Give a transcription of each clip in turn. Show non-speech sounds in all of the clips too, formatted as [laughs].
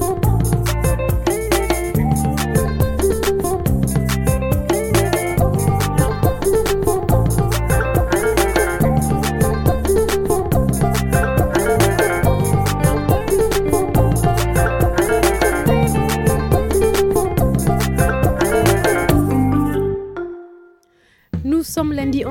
Thank you.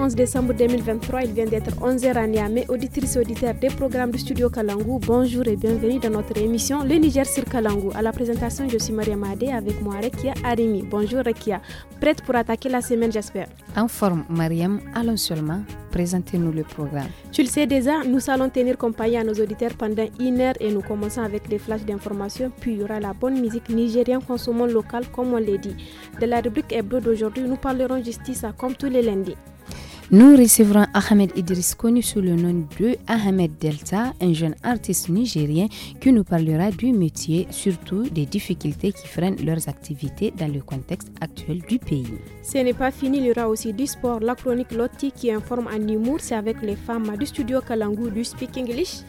11 décembre 2023. Il vient d'être 11h à Niamey. Auditrice auditeur des programmes du studio Kalangou, bonjour et bienvenue dans notre émission Le Niger sur Kalangou. À la présentation, je suis Maria Madé avec moi Rekia Arimi. Bonjour Rekia. Prête pour attaquer la semaine, j'espère. En forme, Mariam. Allons seulement. Présentez-nous le programme. Tu le sais déjà, nous allons tenir compagnie à nos auditeurs pendant une heure et nous commençons avec des flashs d'informations. Puis il y aura la bonne musique nigérienne consommant local, comme on l'a dit. De la rubrique hebdo d'aujourd'hui, nous parlerons justice comme tous les lundis. Nous recevrons Ahmed Idris, connu sous le nom de Ahmed Delta, un jeune artiste nigérien qui nous parlera du métier, surtout des difficultés qui freinent leurs activités dans le contexte actuel du pays. Ce n'est pas fini, il y aura aussi du sport, la chronique Lotti qui informe en humour, c'est avec les femmes du studio Kalangu du Speak English.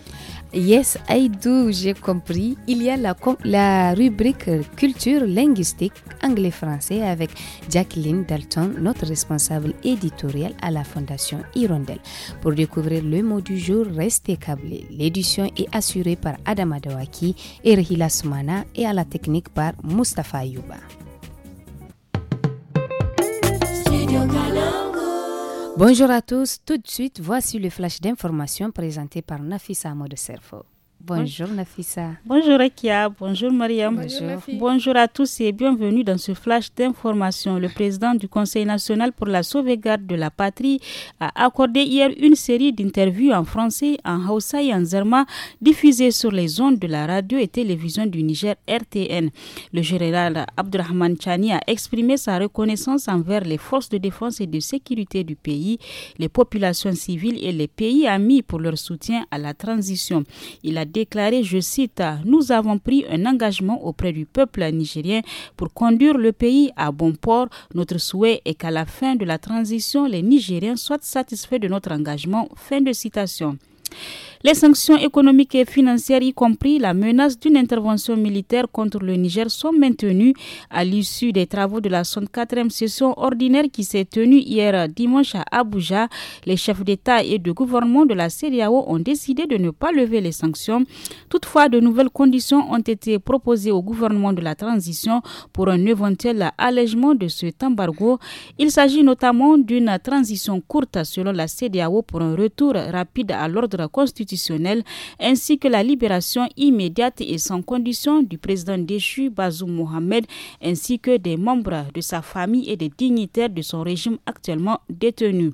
Yes, I do, j'ai compris. Il y a la, rubrique culture linguistique anglais-français avec Jacqueline Dalton, notre responsable éditoriale à la Fondation Hirondelle. Pour découvrir le mot du jour, restez câblés. L'édition est assurée par Adam Dawaki, Erhila Sumana et à la technique par Mustafa Yuba. Bonjour à tous. Tout de suite, voici le flash d'information présenté par Nafisa de Serfo. Bonjour Nafissa. Bonjour Akia, bonjour Mariam. Bonjour. bonjour à tous et bienvenue dans ce flash d'information. Le président du Conseil national pour la sauvegarde de la patrie a accordé hier une série d'interviews en français, en Hausa et en Zerma diffusées sur les ondes de la radio et télévision du Niger RTN. Le général Abdurrahman Chani a exprimé sa reconnaissance envers les forces de défense et de sécurité du pays, les populations civiles et les pays amis pour leur soutien à la transition. Il a déclaré, je cite, Nous avons pris un engagement auprès du peuple nigérien pour conduire le pays à bon port. Notre souhait est qu'à la fin de la transition, les Nigériens soient satisfaits de notre engagement. Fin de citation. Les sanctions économiques et financières, y compris la menace d'une intervention militaire contre le Niger, sont maintenues à l'issue des travaux de la 64e session ordinaire qui s'est tenue hier dimanche à Abuja. Les chefs d'État et de gouvernement de la CEDEAO ont décidé de ne pas lever les sanctions. Toutefois, de nouvelles conditions ont été proposées au gouvernement de la transition pour un éventuel allègement de cet embargo. Il s'agit notamment d'une transition courte selon la CEDEAO pour un retour rapide à l'ordre constitutionnel ainsi que la libération immédiate et sans condition du président déchu Bazoum Mohamed ainsi que des membres de sa famille et des dignitaires de son régime actuellement détenus.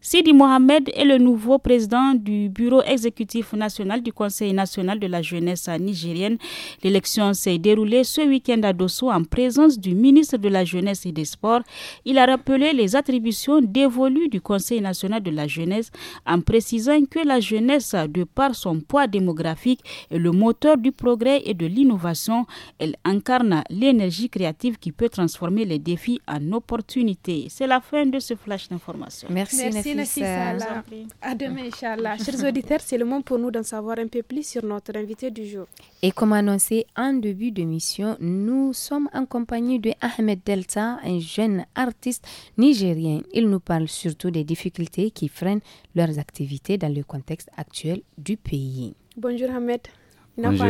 Sidi Mohamed est le nouveau président du bureau exécutif national du Conseil national de la jeunesse nigérienne. L'élection s'est déroulée ce week-end à Dosso en présence du ministre de la Jeunesse et des Sports. Il a rappelé les attributions dévolues du Conseil national de la jeunesse en précisant que la jeunesse, de par son poids démographique, est le moteur du progrès et de l'innovation. Elle incarne l'énergie créative qui peut transformer les défis en opportunités. C'est la fin de ce flash d'information. Merci. Merci, À demain, Inch'Allah. Chers auditeurs, c'est le moment pour nous d'en savoir un peu plus sur notre invité du jour. Et comme annoncé en début de mission, nous sommes en compagnie de Ahmed Delta, un jeune artiste nigérien. Il nous parle surtout des difficultés qui freinent leurs activités dans le contexte actuel du pays. Bonjour, Ahmed. Bonjour,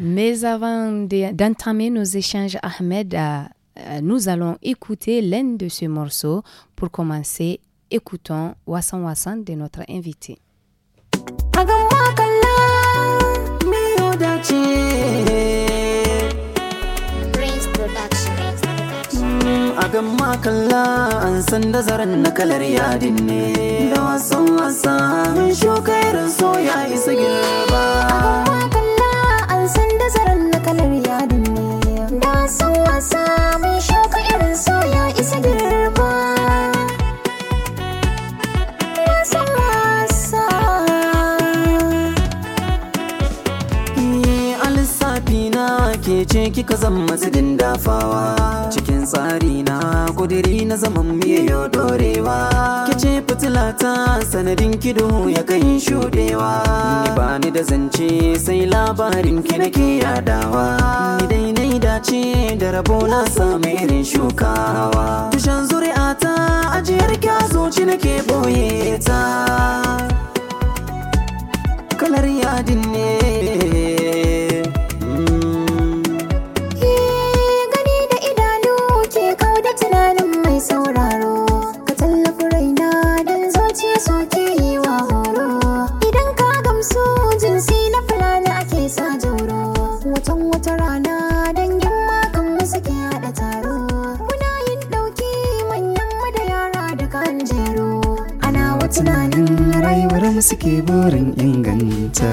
Mais avant d'entamer nos échanges, Ahmed, euh, euh, nous allons écouter l'un de ce morceau. Pour commencer, écoutons Wassan Wassan de notre invité. a gan makalla an san da zaren na kalar yadin ne da wasan wasa mun shuka irin soya ya isa girba a gan an san da zaren kika zama masu dafawa cikin tsari na kudiri na zaman miyo dorewa ke ce fitila ta sanadin kido ya kai shudewa ni ba ni da zance sai labarin ki nake yadawa ni dai nai dace da rabo na samu irin shukawa tushen zuri'a ta ajiyar kya nake boye ta kalar yadin ne tunanin rayuwar suke burin inganta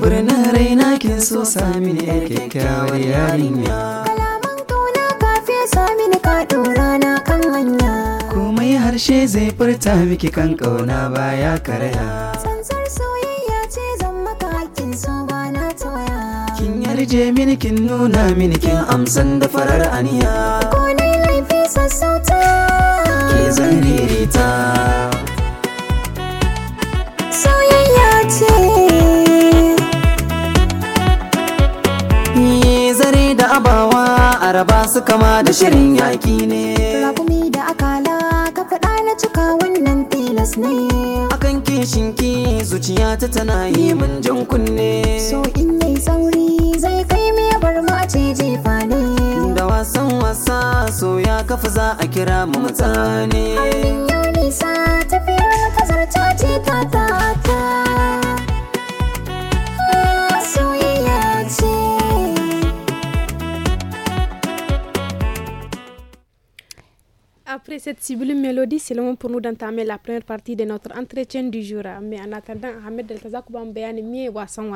Burnin [laughs] ce raina kin so sami ne kyakkyawar yarinya ce zai furta miki kan kauna baya karaya tsantsar soyayya ce zan maka hakkin so ba na tawaya kin yarje mini kin nuna mini kin amsan da farar aniya ko dai laifi sassauta ke zan ririta soyayya ce zare da abawa araba su kama da shirin yaki ne akan kishin ki zuciya ta tana yi min jan kunne so in yi sauri zai kai me bar mu a ce jefa ne da wasan wasa so ya kafa za a kira mu mutane yau nisa tafiyar ta zarta ce ta ta Après cette cible mélodie, c'est le moment pour nous d'entamer la première partie de notre entretien du jour. Mais en attendant, Ahmed Del Kazakou bayani miye wasan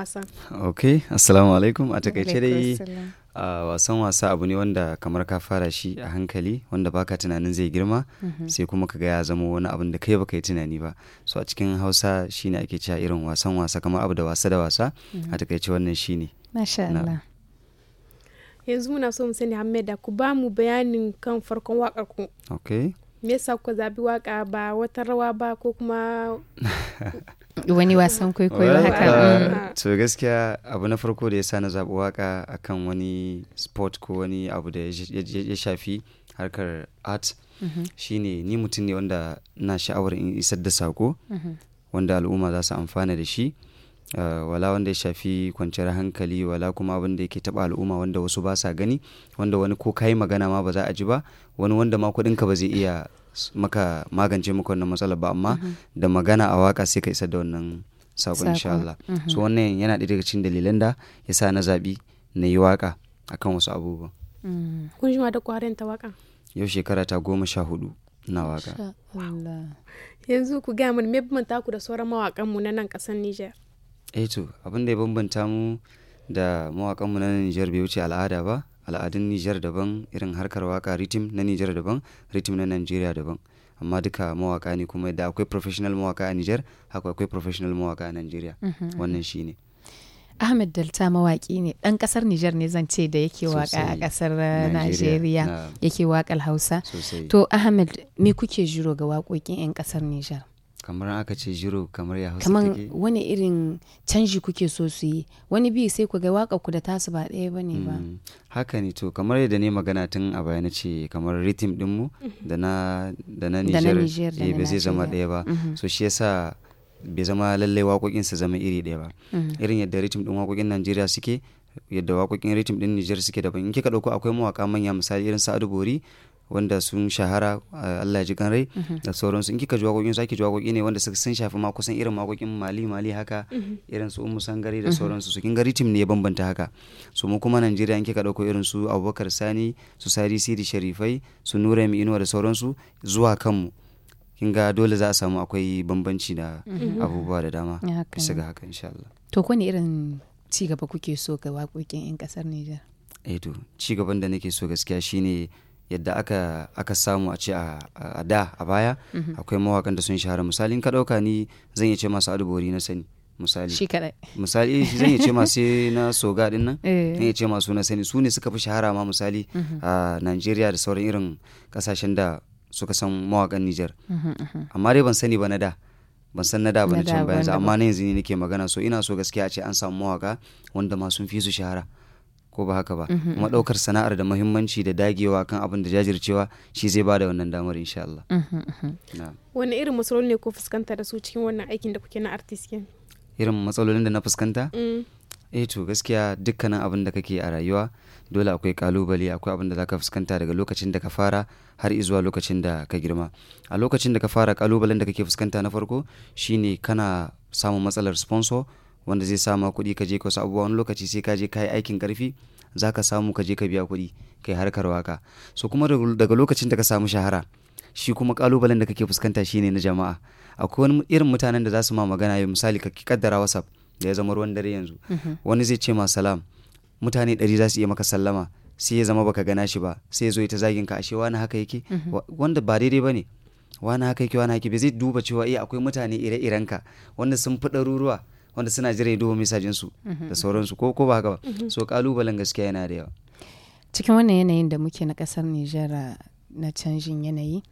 Ok, assalamu alaikum. A takaice wasan wasa abu ne wanda kamar ka fara shi a hankali wanda baka tunanin zai girma mhm. sai kuma ka ga ya zama wani abin da kai baka yi tunani ba. So a cikin Hausa shine ake cewa irin wasan wasa kamar abu da wasa da wasa. A mhm. takaice wannan shine. Masha Allah. yanzu muna so mu sani hameda ku ba mu bayanin kan farkon waƙar ku ok me yasa kuka zabi waka ba wata rawa ba ko kuma [laughs] wani wasan kwaikwayo haka uh, mm. to gaskiya abu na farko da yasa na zabi waka akan wani sport ko wani abu da ya shafi harkar art mm-hmm. shine ni mutum ne wanda na sha'awar in isar da sako mm-hmm. wanda al'umma za su amfana da shi Eh, wala wanda ya shafi kwanciyar hankali wala kuma abin yake taba al'umma wanda wasu ba sa gani wanda wani ko kai magana ma ba za a ji ba wani wanda ma kuɗin ka ba zai iya maka magance maka wannan matsalar ba amma mhm. da magana a waka sai ka isa da wannan sakon insha Allah mhm. so wannan yana da daga cikin dalilan da yasa na zabi na yi waka akan wasu abubuwa mm. kun ma da kwarin ta waka yau shekara ta goma sha hudu na waka yanzu ku gaya mun me ta ku da sauran mawakan mu na nan kasar Niger eh to abin da ya bambanta mu da mawakanmu na Nijar bai wuce al'ada ba al'adun Nijar daban irin harkar waka ritim na Nijar daban ritim na nigeria daban amma duka mawaka ne kuma da akwai professional mawaka a Nijar haka akwai professional mawaka a nigeria mhm, mhm. wannan shine Ahmed Delta mawaki ne dan kasar Nijar ne zan ce da yake waka a kasar eh, Nigeria yake wakar Hausa to Ahmed me kuke jiro ga wakokin 'yan kasar Nijar kamar aka ce jiro kamar ya hausa kamar wani irin canji kuke so su yi wani bi sai ku ga waka ku da tasu ba ɗaya ba ne ba mm, haka ne to kamar yadda ne magana tun a baya na ce kamar ritim dinmu mhm. da na da na da eh, ba zai zama ɗaya ba mhm. so shi yasa bai zama lallai waƙoƙin su zama iri ɗaya ba mhm. irin yadda ritim din waƙoƙin Najeriya suke yadda waƙoƙin ritim din nijar suke daban in kika ɗauko akwai mawaƙa manya misali irin Sa'adu Bori wanda sun shahara Allah ji rai mhm. da sauransu in kika ji waƙoƙin sake ji waƙoƙi ne wanda sun shafi ma kusan irin waƙoƙin mali mali haka mhm. irin su ummu sangare da mhm. sauransu su kin gari ne ya bambanta haka su mu kuma Najeriya in kika dauko irin su Abubakar Sani su Sari Sidi Sharifai su Nura Inuwa da sauransu zuwa kanmu kin ga dole za a samu akwai bambanci da abubuwa da dama bisa ga haka insha Allah to ko ne irin ci gaba kuke so ga waƙoƙin 'yan ƙasar Nijar eh to ci gaban da nake so gaskiya shine yadda aka, aka samu a ce a da a baya mhm. akwai mawakan da sun shahara misali ka ɗauka ni zan iya ce masu adubori na sani misali shi kadai misali shi zan iya ce masu na soga din nan eh. zan iya ce masu na sani su ne suka fi shahara ma misali mhm. a Najeriya da sauran irin kasashen da suka san mawakan Niger mhm, amma dai ban sani ba na da ban san na da ba na can bayan amma na yanzu ne nake magana so ina so gaskiya a ce an samu mawaka wanda ma sun fi su shahara ko ba haka ba mhm. kuma ɗaukar sana'ar da muhimmanci da dagewa kan abin da jajircewa shi zai bada wannan damar insha Allah mhm, mhm. wani irin matsaloli ne ko fuskanta da su cikin wannan aikin da kuke na artist irin matsalolin da na fuskanta mm. eh to gaskiya dukkanin abin da kake a rayuwa dole akwai kalubale akwai abin da zaka fuskanta daga lokacin da ka fara har zuwa lokacin da ka girma a lokacin da ka fara kalubalen da kake fuskanta na farko shine kana samun matsalar sponsor wanda zai sama kuɗi ka je ka wasu abubuwa wani lokaci sai ka je ka yi aikin ƙarfi za ka samu ka je ka biya kuɗi ka yi harkar waka so kuma daga lokacin da ka samu shahara shi kuma kalubalen da kake fuskanta shine na jama'a akwai wani irin mutanen da za su ma magana yau misali ka kaddara whatsapp da ya zama ruwan dare yanzu mhm. wani zai ce ma salam mutane ɗari za su iya maka sallama sai ya zama baka gana shi ba sai ya zo ta zagin ka ashe wani haka yake mhm. wanda ba daidai ba ne wani haka yake wani haka bai zai duba cewa iya eh, akwai mutane ire-irenka wanda sun fi ɗaruruwa wanda suna jira duba mesajin su mhm. da sauransu ko ko ba haka ba mhm. so kalubalen gaskiya yana da yawa cikin wannan yanayin da muke na kasar Nijar ah, na canjin yanayi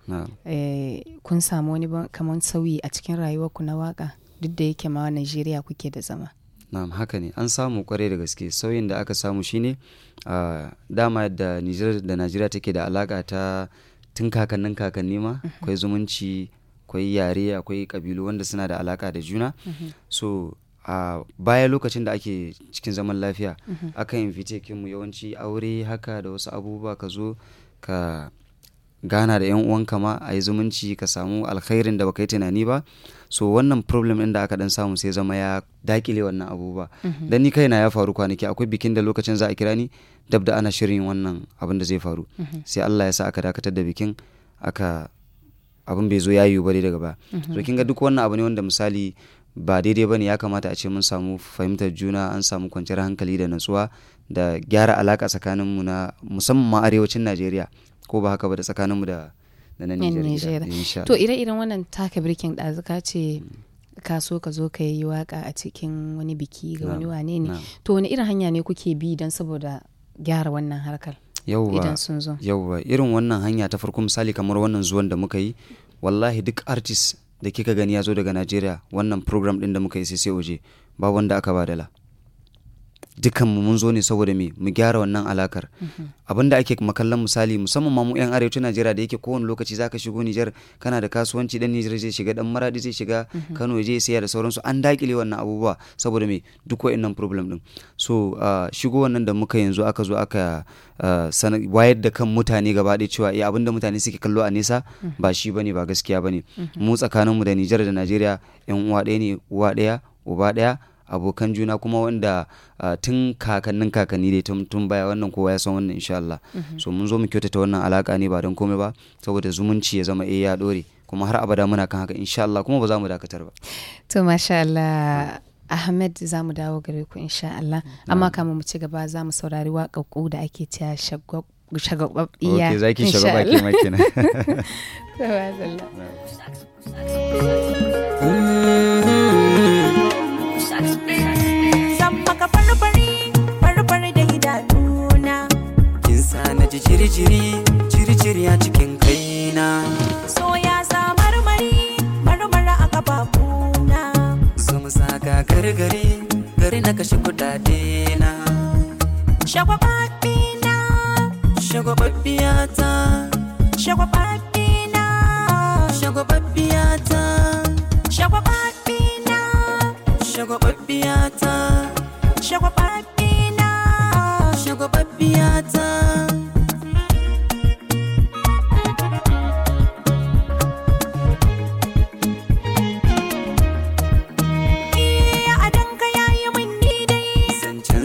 eh, kun samu wani kamar sauyi a cikin ku na waka duk da yake ma Najeriya kuke da zama na'am haka ne an samu kwarai da gaske sauyin da aka samu shine ah, dama da Nijar da Najeriya take da alaka ta tun kakannin kakanni ma mhm. akwai zumunci akwai yare akwai kabilu wanda suna da alaka da juna so a baya lokacin da ake cikin zaman lafiya akan fice kinmu yawanci aure haka da wasu abubuwa ka zo ka gana da yan uwanka ma a yi zumunci ka samu alkhairin da baka yi tunani ba so wannan problem din da aka dan samu sai zama ya dakile wannan abubuwa dan ni kai na ya faru kwanaki akwai bikin da lokacin za a kira ni dab da ana shirin wannan abin da zai faru sai Allah ya sa aka dakatar da bikin aka abin bai zo ya yiwu ba daga ba so kin ga duk wannan abu ne wanda misali ba daidai ba ne ya kamata a ce mun samu fahimtar juna an samu kwanciyar hankali da natsuwa da gyara tsakanin tsakaninmu na musamman ma arewacin najeriya ko ba haka ba da tsakaninmu da da na Nijar to ire-iren wannan taka birkin ɗazuka ce hmm. ka so ka zo ka yi waka a cikin wani biki ga wani wane ne to wani irin hanya ne kuke bi don saboda gyara wannan harkar idan sun irin wannan hanya ta farko misali kamar wannan zuwan da muka yi wallahi duk artist da kika gani ya zo daga najeriya wannan program din da muka yi sai waje ba wanda aka ba dala mu mun zo ne saboda me mu gyara wannan alakar mhm. abinda ake makallan misali musamman ma mu yan arewacin Najeriya da yake kowane lokaci zaka shigo Nijar kana da kasuwanci dan Nijar zai shiga dan Maradi zai shiga mhm. Kano zai saya da sauransu an dakile wannan abubuwa saboda me duk wayannan problem din so shigo wannan da muka yanzu aka zo aka wayar da kan mutane gaba da cewa eh abin da mutane suke kallo a nesa mhm. ba shi bane ba gaskiya bane mu tsakaninmu da Nijar da Najeriya yan uwa ɗaya ne uwa ɗaya uba ɗaya abokan juna kuma wanda tun kakannin kakanni dai tun baya wannan kowa ya san wannan insha Allah mhm. so mun zo mu kyautata wannan alaka ne ba don komai ba saboda zumunci ya zama eh ya dore kuma har abada muna kan haka insha Allah kuma ba za mu dakatar ba to masha Allah Ahmed za mu dawo gare ku insha Allah amma kamar mu ci gaba za mu saurari waƙaƙu da ake cewa shagwab shagwababbiya okay, zaki [laughs] to Zan maka farfari, farfari da idanuna. Kin sa ji jiri a cikin kaina. Soya sa marmari, marmara a kafafuna. Zuma sa ga gargari, gari na kashe kudade na. na, ta, shagwa na, ta, shagwababbiya ta shagwababbina shagwababbiya ta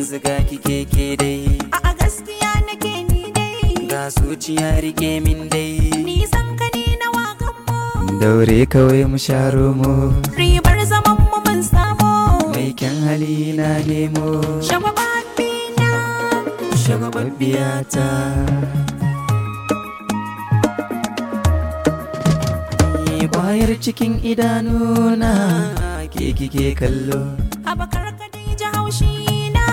Ziga kike ke dai A gaskiya nake ni dai Ga zuciya rike min dai Nisan ka ni na wakan mu Daure kawai mu sharo mu aikin hali na nemo shagwababbina shagwababbiyata kwayar cikin idanuna ke kike kallo abakar kadija haushi na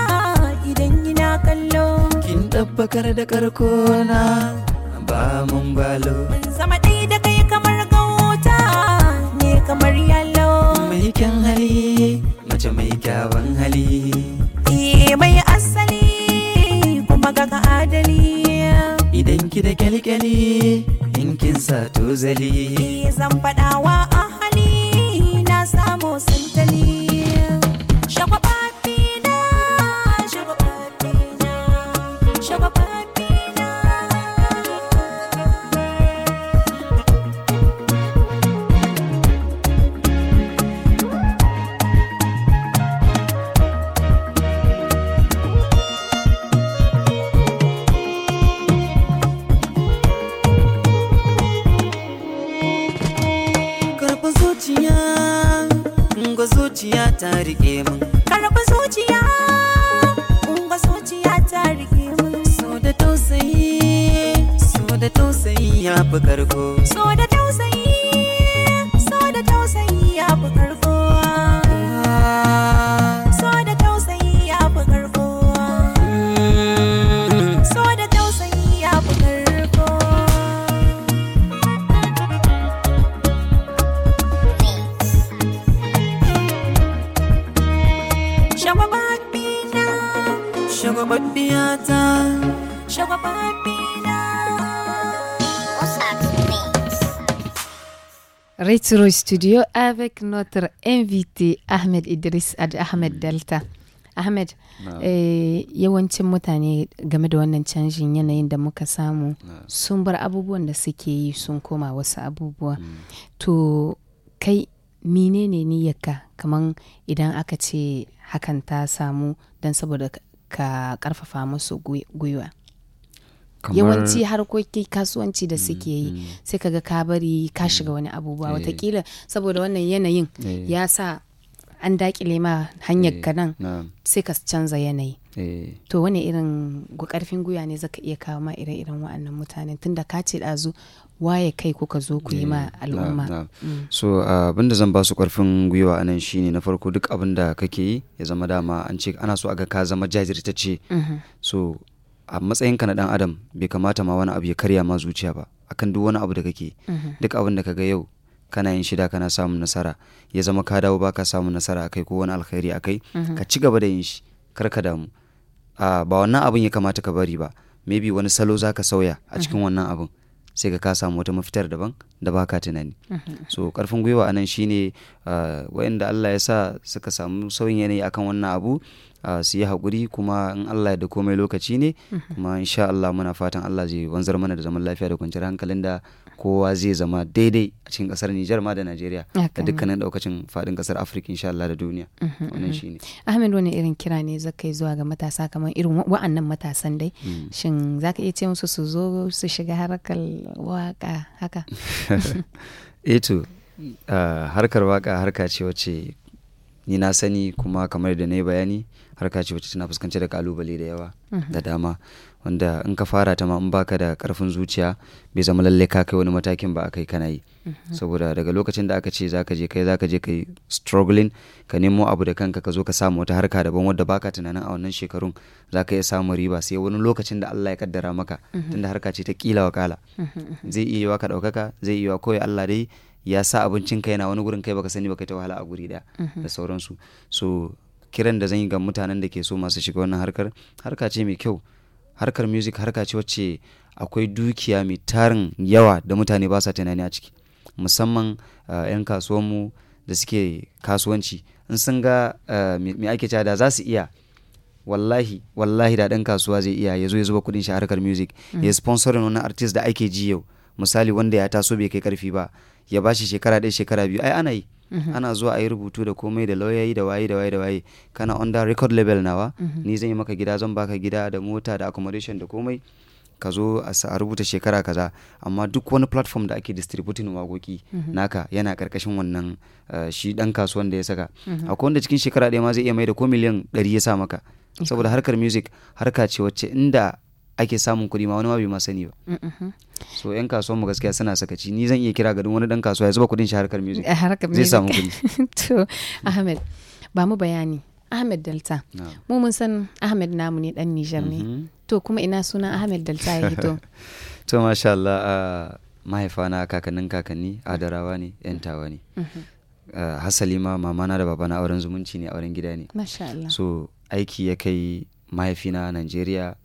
idan na kallo kin ɗabbakar da karkona ba mun balo zama ɗaya da kai kamar gauta ne kamar yalo mai kyan hali mace mai kyawan hali eh mai asali kuma ka adali idan ki da kyalkyali in kin sa tozali eh, zan faɗawa sur le studio avec notre invité Ahmed Idris Ad Ahmed Delta. Ahmed, eh, yawancin mutane game da wannan canjin yanayin da muka samu sun bar abubuwan da suke yi sun koma wasu abubuwa. Mm. To, kai menene niyyarka kaman idan aka ce hakan ta samu don saboda ka karfafa musu gwiwa? yawanci harkokin kasuwanci da suke yi mm, mm. sai kaga ka bari ka shiga wani abubuwa eh. watakila saboda wannan yanayin eh. ya sa an dakile ma hanyar ka eh, nan sai ka canza yanayi to wani irin karfin guya ne zaka iya kawo ma irin irin wa'annan mutanen tunda ka ce ɗazu waye kai kuka zo ku yi ma al'umma mm. so ah, abin da zan ba su karfin gwiwa anan shine na farko duk abin da kake yi ya zama dama an ce ana so aga ka zama jajirtacce mm-hmm. so a matsayinka na dan adam bai kamata ma wani abu ya karya ma zuciya ba akan duk wani abu da kake mhm. duk abin da kaga yau kana yin shida kana samun nasara ya zama ka dawo baka samun nasara akai ko wani alkhairi akai mhm. ka ci gaba da yin shi kar ka damu ba wannan abin ya kamata ka bari ba maybe wani salo zaka sauya a cikin mhm. wannan abin sai ka samu wata mafitar daban da baka tunani so karfin gwiwa anan shine wayanda Allah ya sa suka samu sauyin yanayi akan wannan abu su yi haƙuri kuma in Allah ya da komai lokaci ne mhm. kuma insha Allah muna fatan Allah zai wanzar mana da zaman lafiya da kwanciyar hankalin da kowa zai zama daidai a cikin kasar Nijar ma da Najeriya da dukkanin daukacin fadin kasar Afirka insha Allah da duniya mhm, mhm. wannan shine Ahmed wani irin kira ne zaka yi zuwa ga matasa kamar irin wa'annan matasan dai hmm. shin zaka iya ce musu su zo su shiga harkar waka haka [laughs] eh to harkar waka harka ce wacce ni na sani kuma kamar da na yi bayani harka ce wacce tana fuskanci da kalubale da yawa mhm. da dama wanda in ka fara ta ma in baka da karfin zuciya bai zama lallai ka kai wani matakin ba akai kana yi mhm. saboda daga lokacin da aka ce zaka je kai zaka je kai struggling ka nemo abu da kanka ka zo ka samu wata harka daban wadda baka tunanin a wannan shekarun zaka iya samun riba sai wani lokacin da Allah ya kaddara maka mhm. tunda harka ce ta kila wakala zai iya yiwa ka daukaka zai iya kawai Allah dai ya sa abincin kai na wani gurin kai baka sani baka ta wahala a guri da da sauransu so kiran da zan yi ga mutanen da ke so masu shiga wannan harkar harka ce mai kyau harkar music harka ce wacce akwai dukiya mai tarin yawa da mutane ba sa tunani a ciki musamman 'yan eh, kasuwanmu da suke kasuwanci in sun ga eh, me ake cewa da za su iya wallahi wallahi da ɗan kasuwa zai iya ya zo ya zuba kuɗin shi harkar music mm. ya sponsorin wani artist da ake ji yau misali wanda ya taso bai kai karfi ba ya bashi shekara ɗaya shekara biyu ai ana yi Mm-hmm. ana zuwa a yi rubutu da komai da lauyayi da waye da waye da waye kana under record level nawa mm-hmm. ni zan yi maka gida zan baka gida da mota da accommodation da komai ka zo a rubuta shekara kaza amma duk wani platform da ake distributing wagoki mm-hmm. naka yana karkashin wannan eh, shi dan kasuwan da ya saka akwai wanda cikin shekara ɗaya ma zai iya mai da ko miliyan ɗari ya sa maka saboda harkar music harka ce wacce inda ake samun kuɗi ma wani ma bai ma sani ba mm, mm-hmm. so yan kasuwan mu gaskiya suna sakaci ni zan iya kira ga wani dan kasuwa ya zuba kuɗin shi harkar music zai samu kuɗi [laughs] to ahmed ba mu bayani ahmed delta mu mun san ahmed namu ne dan nijar ne mm-hmm. to kuma ina suna ahmed delta ya hito [laughs] to masha Allah na kakannin kakanni adarawa ne yantawa ne mm-hmm. hasali ma mamana da babana auren zumunci ne auren gida ne so aiki ya kai mahaifina a Najeriya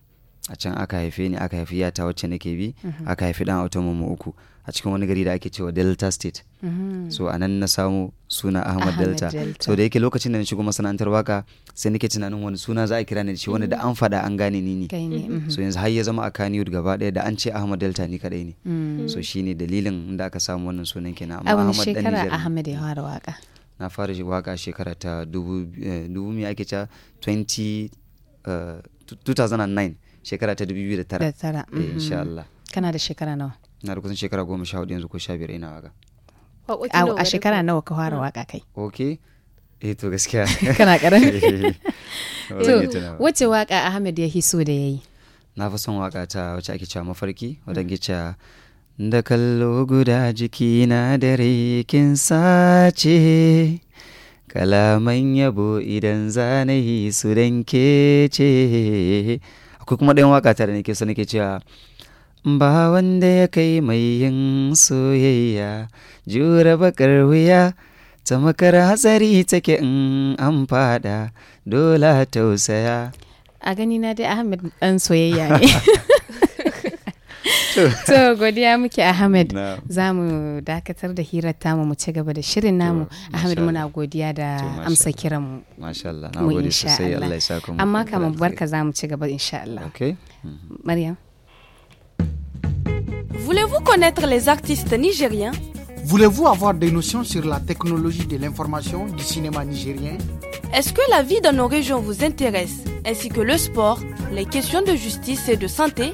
a can aka haife ni aka haifi yata wacce nake bi mhm. aka haifi dan autan mu uku a cikin wani gari da ake cewa delta state mhm. so a nan na samu suna ahmad delta so da yake lokacin da na shigo masana'antar waka sai nake tunanin wani suna za a kira ni da shi wanda da an fada an gane ni ne mhm. so yanzu har ya zama a kaniyud gaba daya da an ce ahmad delta ni kadai ne mm. so shine dalilin da aka samu wannan sunan kenan amma ahmad dan shekara ahmad ya fara waka na fara waka shekara ta eh, dubu me ake cewa 20 2009 eh, shekara ta 2009 eh, insha mhm. Allah kana da shekara nawa na da kusan shekara goma sha hudu yanzu ko sha biyar ina waka a shekara nawa ka fara hmm. waka kai ok eh to gaskiya [laughs] kana karami [laughs] eh, to wace waka Ahmed ya hiso da yayi na fi son waka ta wacce ake cewa mafarki wadda ke cewa da kallo guda jiki na da rikin sace kalaman yabo idan zanayi su dan ce Ko kuma ɗayan waka tare ne ke so ke cewa ba wanda ya kai mai yin soyayya jura bakar wuya ta makar hatsari take in an fada dole tausaya a gani na dai ahmed dan soyayya ne [laughs] to godiya muke Ahmed za mu dakatar da hirar tamu mu ci gaba da shirin namu Ahmed muna godiya da amsa kiran mu masha Allah na gode sosai Allah ya saka mu amma kamar barka za mu ci gaba insha Allah okay mhm. Maryam Voulez-vous connaître les artistes nigériens Voulez-vous avoir des notions sur la technologie de l'information du cinéma nigérien Est-ce que la vie dans nos régions vous intéresse, ainsi que le sport, les questions de justice et de santé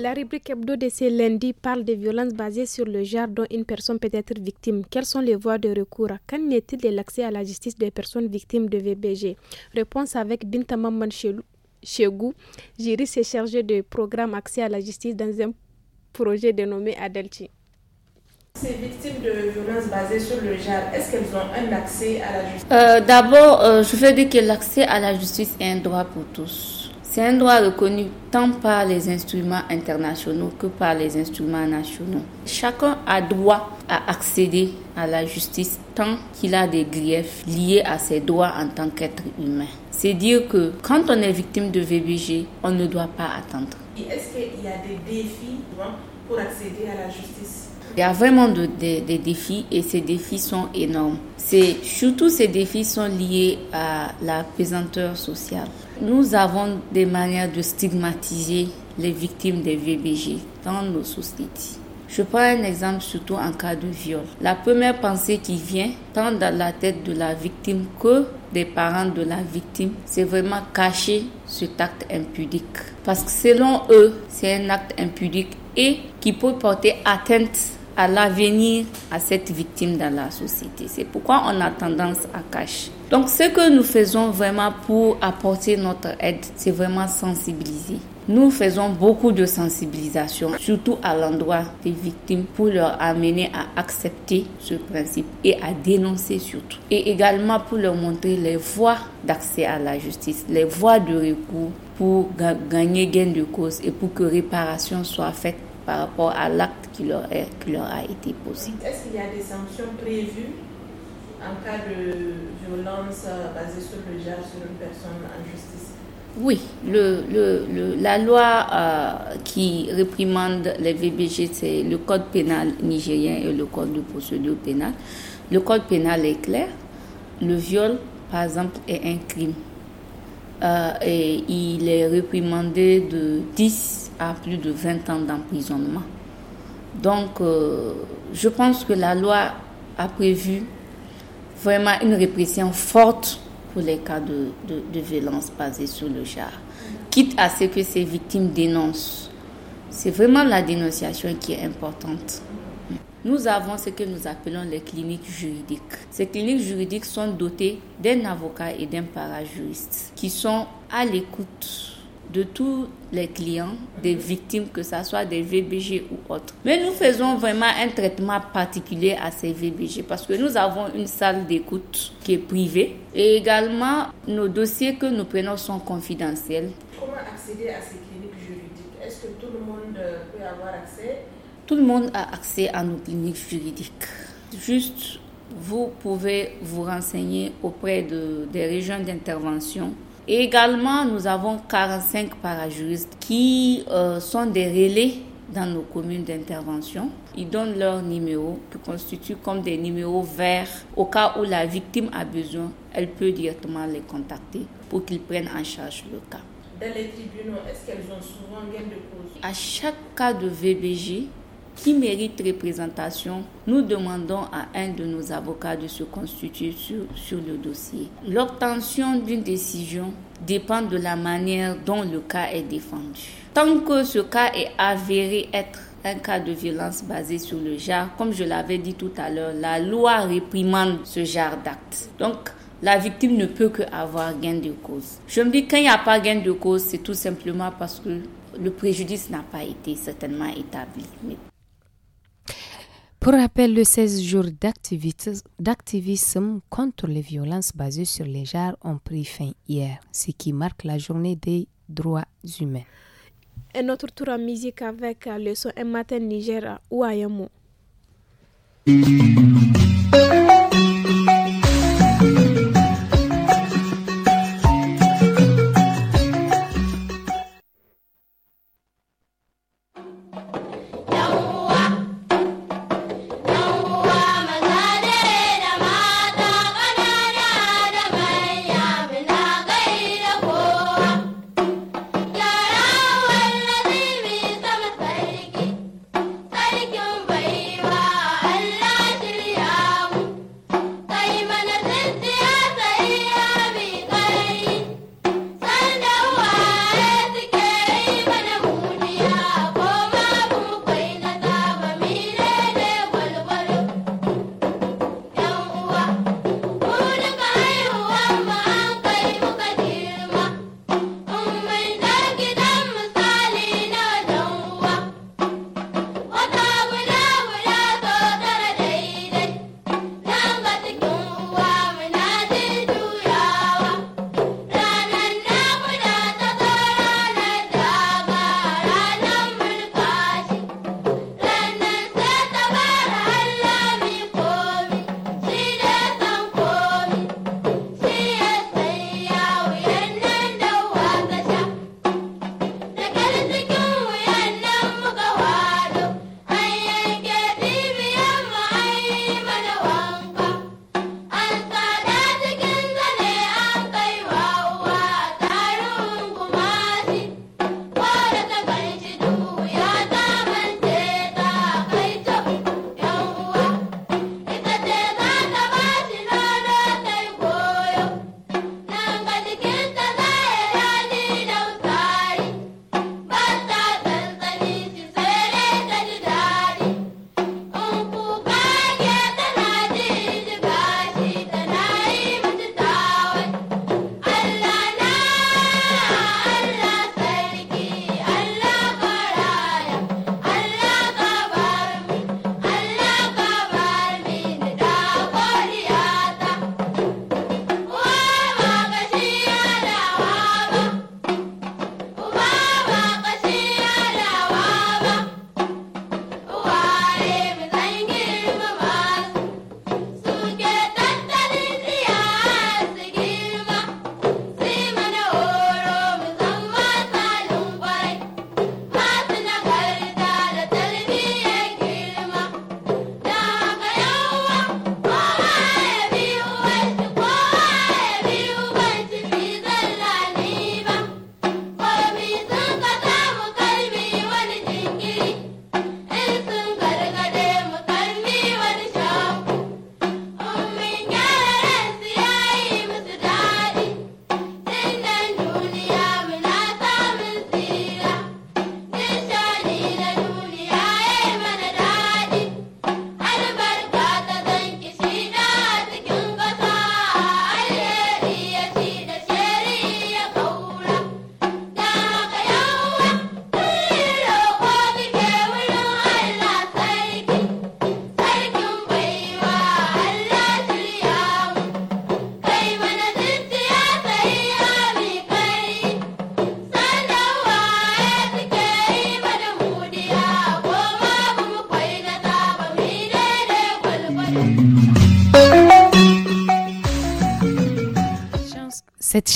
La rubrique hebdo de ce lundi parle de violences basées sur le genre dont une personne peut être victime. Quelles sont les voies de recours Qu'en est-il de l'accès à la justice des personnes victimes de VBG Réponse avec Bintama Manchegou. Chegou, juriste chargé de programme accès à la justice dans un projet dénommé Adelchi. Ces victimes de violences basées sur le genre, est-ce qu'elles ont un accès à la justice euh, D'abord, euh, je veux dire que l'accès à la justice est un droit pour tous c'est un droit reconnu tant par les instruments internationaux que par les instruments nationaux. Chacun a droit à accéder à la justice tant qu'il a des griefs liés à ses droits en tant qu'être humain. C'est dire que quand on est victime de VBG, on ne doit pas attendre. Est-ce qu'il y a des défis pour accéder à la justice il y a vraiment des défis et ces défis sont énormes. C'est surtout ces défis sont liés à la pesanteur sociale. Nous avons des manières de stigmatiser les victimes des VBG dans nos sociétés. Je prends un exemple surtout en cas de viol. La première pensée qui vient, tant dans la tête de la victime que des parents de la victime, c'est vraiment cacher cet acte impudique. Parce que selon eux, c'est un acte impudique et qui peut porter atteinte à l'avenir à cette victime dans la société. C'est pourquoi on a tendance à cacher. Donc ce que nous faisons vraiment pour apporter notre aide, c'est vraiment sensibiliser. Nous faisons beaucoup de sensibilisation, surtout à l'endroit des victimes, pour leur amener à accepter ce principe et à dénoncer surtout. Et également pour leur montrer les voies d'accès à la justice, les voies de recours pour gagner gain de cause et pour que réparation soit faite par rapport à l'acte qui leur, est, a été posé. Est-ce qu'il y a des sanctions prévues en cas de violence euh, basée sur le genre sur une personne en justice Oui, la loi euh, qui réprimande les VBG, c'est le code pénal nigérien et le code de procédure pénale. Le code pénal est clair. Le viol, par exemple, est un crime. Euh, et il est réprimandé de 10 à plus de 20 ans d'emprisonnement. Donc, euh, je pense que la loi a prévu vraiment une répression forte pour les cas de, de, violence basée sur le char. quitte à ce que ces victimes dénoncent. C'est vraiment la dénonciation qui est importante. Nous avons ce que nous appelons les cliniques juridiques. Ces cliniques juridiques sont dotées d'un avocat et d'un parajuriste qui sont à l'écoute de tous les clients, des victimes, que ce soit des VBG ou autres. Mais nous faisons vraiment un traitement particulier à ces VBG parce que nous avons une salle d'écoute qui est privée et également nos dossiers que nous prenons sont confidentiels. Comment accéder à ces cliniques juridiques Est-ce que tout le monde euh, peut avoir accès Tout le monde a accès à nos cliniques juridiques. Juste, vous pouvez vous renseigner auprès de, des régions d'intervention et également, nous avons 45 parajuristes qui euh, sont des relais dans nos communes d'intervention. Ils donnent leurs numéros qui constituent comme des numéros verts au cas où la victime a besoin, elle peut directement les contacter pour qu'ils prennent en charge le cas. Dans les tribunaux, est-ce qu'elles ont souvent gain de cause À chaque cas de VBG, qui mérite représentation, nous demandons à un de nos avocats de se constituer sur, sur le dossier. L'obtention d'une décision dépend de la manière dont le cas est défendu. Tant que ce cas est avéré être un cas de violence basé sur le genre, comme je l'avais dit tout à l'heure, la loi réprimande ce genre d'actes. Donc, la victime ne peut que avoir gain de cause. Je me dis, quand il n'y a pas gain de cause, c'est tout simplement parce que le préjudice n'a pas été certainement établi. Mais pour rappel, le 16 jours d'activisme contre les violences basées sur les genres ont pris fin hier, ce qui marque la journée des droits humains. Un autre tour en musique avec le son Un matin Niger ou Ayamo.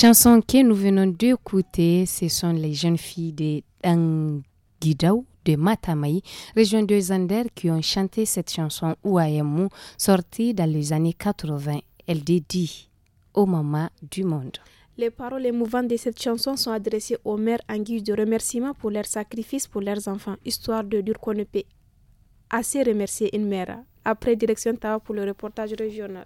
chanson que nous venons d'écouter, ce sont les jeunes filles de Tangidao de Matamai, région de Zander, qui ont chanté cette chanson Ouayemou, sortie dans les années 80. Elle dédie aux mamans du monde. Les paroles émouvantes de cette chanson sont adressées aux mères en guise de remerciement pour leurs sacrifices pour leurs enfants, histoire de dire qu'on ne peut assez remercier une mère. Après, direction Tawa pour le reportage régional.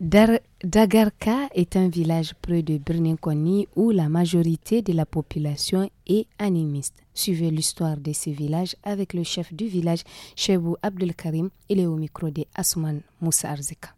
Dagarka est un village près de Birninkoni où la majorité de la population est animiste. Suivez l'histoire de ce village avec le chef du village, Chebou Abdelkarim. Il est au micro de Asman Moussa Arzika.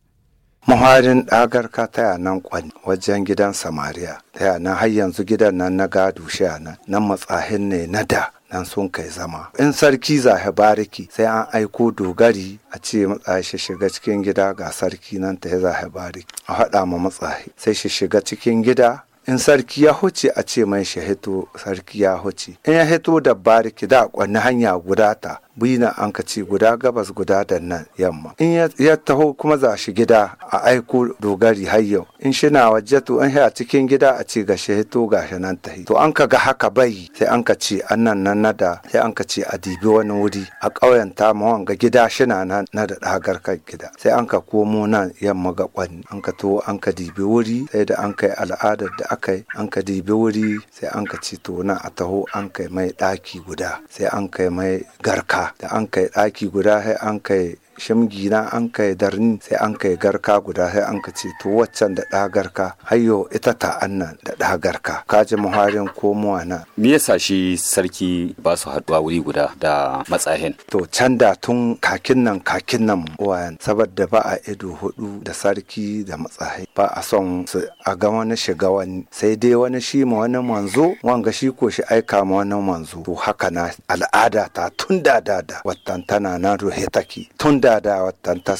Agarkata d'Agarka taya nan kwan wajen gidan samariya nan har yanzu gidan nan na gado sha nan nan matsahin ne na da nan sun kai zama in sarki zahe bariki sai an aiko dogari a ce matsayi shi shiga cikin gida ga sarki nan ta ya zahe bariki a haɗa ma matsayi sai shi shiga cikin gida in sarki ya huce a ce mai shi hito sarki ya huce in ya hito da bariki da kwanne hanya guda ta biyu na ka ci guda gabas guda da nan yamma in ya taho kuma za shi gida a aiko dogari har yau in shi na to an a cikin gida a ci gashe hito shi nan tahi to an ka ga haka bai sai an ka ce annan nan na da sai an ka ce a dibi wani wuri a ƙauyen ta ga gida shi na nan na da dagar kan gida sai an ka komo nan yamma ga kwanni an ka to an ka dibi wuri sai da an kai al'adar da aka yi an ka dibi wuri sai an ka ce to na a taho an kai mai ɗaki guda sai an kai mai garka da an kai ɗaki guda sai an kai shamgi na an kai darni sai an kai garka guda sai an ka ce to waccan da ɗa garka hayo ita ta annan da ɗa garka ka ji muharin ko na. me yasa shi sarki ba su haɗuwa wuri guda da matsahin to can da tun kakin nan kakin nan wayan saboda ba a ido hudu da sarki da matsahi ba a son su a ga wani shiga wani sai dai wani shi ma wani manzo wanga shi ko shi aika ma wani manzo to haka na al'ada ta tun da da da Wattan tana na ruhe take tun da da watan ta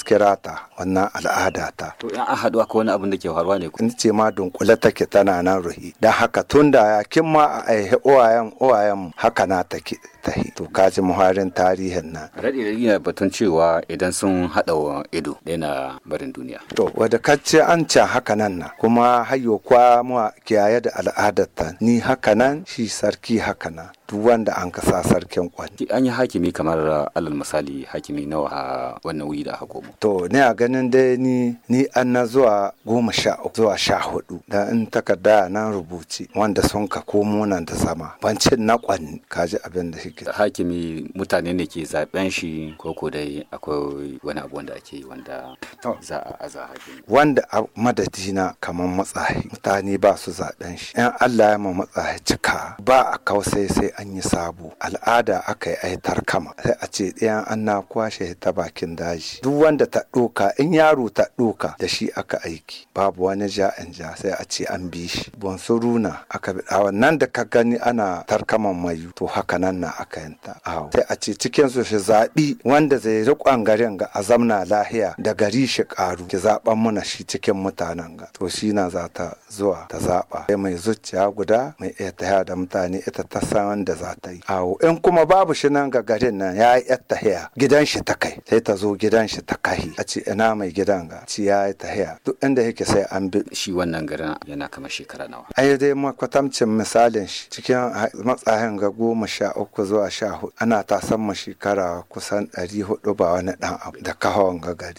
wannan al'ada ta to an haɗu ko wani abin da ke faruwa ne in ce ma dunkule take tana nan ruhi dan haka tun da ya kin ma a aihe uwayen uwayen haka na take tahi to kaji muharin tarihin nan raɗi da yana batun cewa idan sun haɗa wa ido daina barin duniya to wadda kacce an ce haka nan na kuma hayo kwa mu kiyaye da al'adar ta ni haka nan shi sarki haka nan duk wanda an kasa sarkin kwan. An yi hakimi kamar alal misali hakimi nawa a wannan wuri da aka koma. To ne a ganin dai ni ni an na zuwa goma sha uku zuwa sha hudu da in takarda na rubuci wanda sun ka komo nan da sama bancin na kwan kaji abin da shi Hakimi mutane ne ke zaben shi ko ko dai akwai wani abu wanda ake yi wanda za a aza hakimi. Wanda a madadina kamar matsayi mutane ba su zaben shi. 'Yan Allah ya ma matsayi cika ba a kausai sai an yi sabo al'ada aka yi aitar kama sai a ce ɗayan an na kwashe ta bakin daji duk wanda ta ɗoka in yaro ta ɗoka da shi aka aiki babu wani ja in ja sai a ce an bi shi runa aka bi a wannan da ka gani ana tarkaman mayu to haka nan na aka yanta awo sai a ce cikin su shi zaɓi wanda zai riƙon garin ga a zamna lahiya da gari shi ƙaru ki zaɓan muna shi cikin mutanen ga to shi na za ta zuwa ta zaɓa sai mai zuciya guda mai iya ta da mutane ita ta san da za ta yi awo in kuma babu shi nan ga garin nan ya yi tahiya gidan shi ta kai sai ta zo gidan shi ta kahi a ce ina mai gidan ga ci ya yi tahiya duk inda yake sai an bi shi wannan garin yana kamar shekara nawa ai dai makwatamcin misalin shi cikin matsayin ga goma sha uku zuwa sha hudu ana ta ma shekara kusan ɗari hudu ba wani ɗan abu da kahon ga gari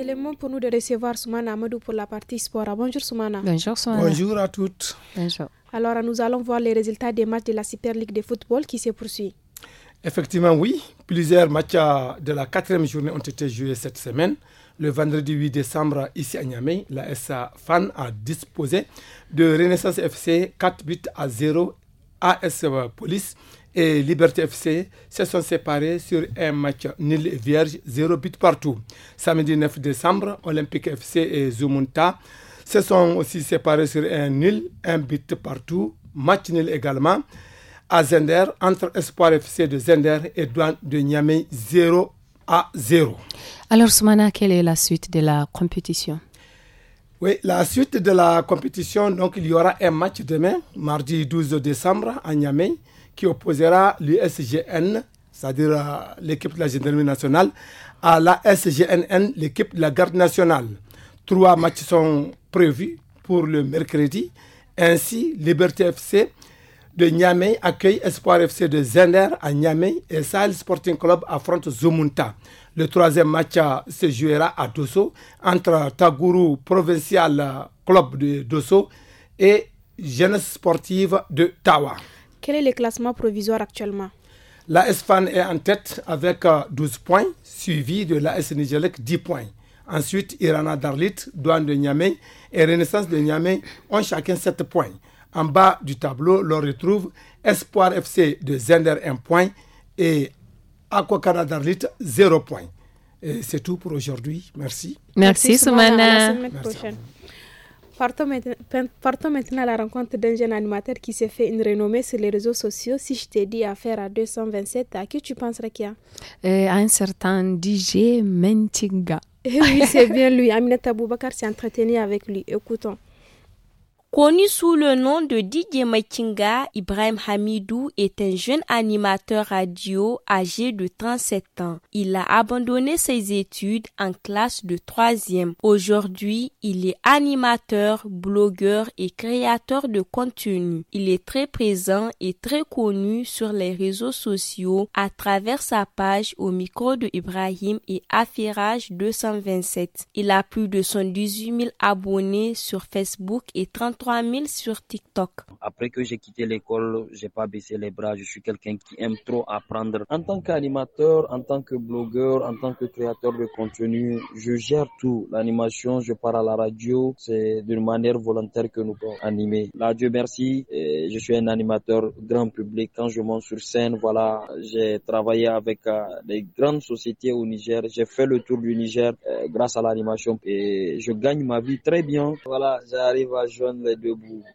C'est le moment pour nous de recevoir Soumana Amadou pour la partie sport. Bonjour Soumana. Bonjour Soumana. Bonjour à toutes. Bonjour. Alors euh, nous allons voir les résultats des matchs de la Super League de football qui se poursuit. Effectivement, oui. Plusieurs matchs euh, de la quatrième journée ont été joués cette semaine. Le vendredi 8 décembre, ici à Niamey, la SA Fan a disposé de Renaissance FC 4 buts à 0 AS Police et Liberté FC se sont séparés sur un match nul vierge, 0 but partout. Samedi 9 décembre, Olympique FC et Zumunta se sont aussi séparés sur un nul, 1 but partout, match nul également. À Zender, entre Espoir FC de Zender et Douane de Niamey, 0 à 0. Alors, Soumana, quelle est la suite de la compétition oui, la suite de la compétition, donc il y aura un match demain, mardi 12 décembre à Niamey qui opposera l'USGN, c'est-à-dire euh, l'équipe de la gendarmerie nationale, à la SGNN, l'équipe de la garde nationale. Trois matchs sont prévus pour le mercredi. Ainsi, Liberté FC de Niamey accueille Espoir FC de Zender à Niamey et Sahel Sporting Club affronte Zumunta. Le troisième match euh, se jouera à Dosso entre Tagourou Provincial Club de Dosso et Jeunesse Sportive de Tawa quel est le classement provisoire actuellement La SFAN est en tête avec 12 euh, points, suivi de la S 10 points. Ensuite, Irana Darlit, Douane de Niamey et Renaissance de Niamey ont chacun 7 points. En bas du tableau, l'on retrouve Espoir FC de Zender 1 point et Aquacara Darlit 0 point. C'est tout pour aujourd'hui. Merci. Merci, Soumana. semaine Partons maintenant, à la rencontre d'un jeune animateur qui s'est fait une renommée sur les réseaux sociaux. Si je t'ai dit affaire à 227, à qui tu penses, a euh, Un certain DJ Mentinga. Eh oui, c'est bien lui. Aminata Boubacar s'est entretenue avec lui. Écoutons. Connu sous le nom de Didier Maitinga, Ibrahim Hamidou est un jeune animateur radio âgé de 37 ans. Il a abandonné ses études en classe de troisième. Aujourd'hui, il est animateur, blogueur et créateur de contenu. Il est très présent et très connu sur les réseaux sociaux à travers sa page au micro de Ibrahim et Affirage 227. Il a plus de 118 000 abonnés sur Facebook et 30 3000 sur TikTok. Après que j'ai quitté l'école, j'ai pas baissé les bras. Je suis quelqu'un qui aime trop apprendre. En tant qu'animateur, en tant que blogueur, en tant que créateur de contenu, je gère tout. L'animation, je pars à la radio. C'est d'une manière volontaire que nous pouvons animer. Dieu merci, je suis un animateur grand public. Quand je monte sur scène, voilà, j'ai travaillé avec euh, des grandes sociétés au Niger. J'ai fait le tour du Niger euh, grâce à l'animation et je gagne ma vie très bien. Voilà, j'arrive à joindre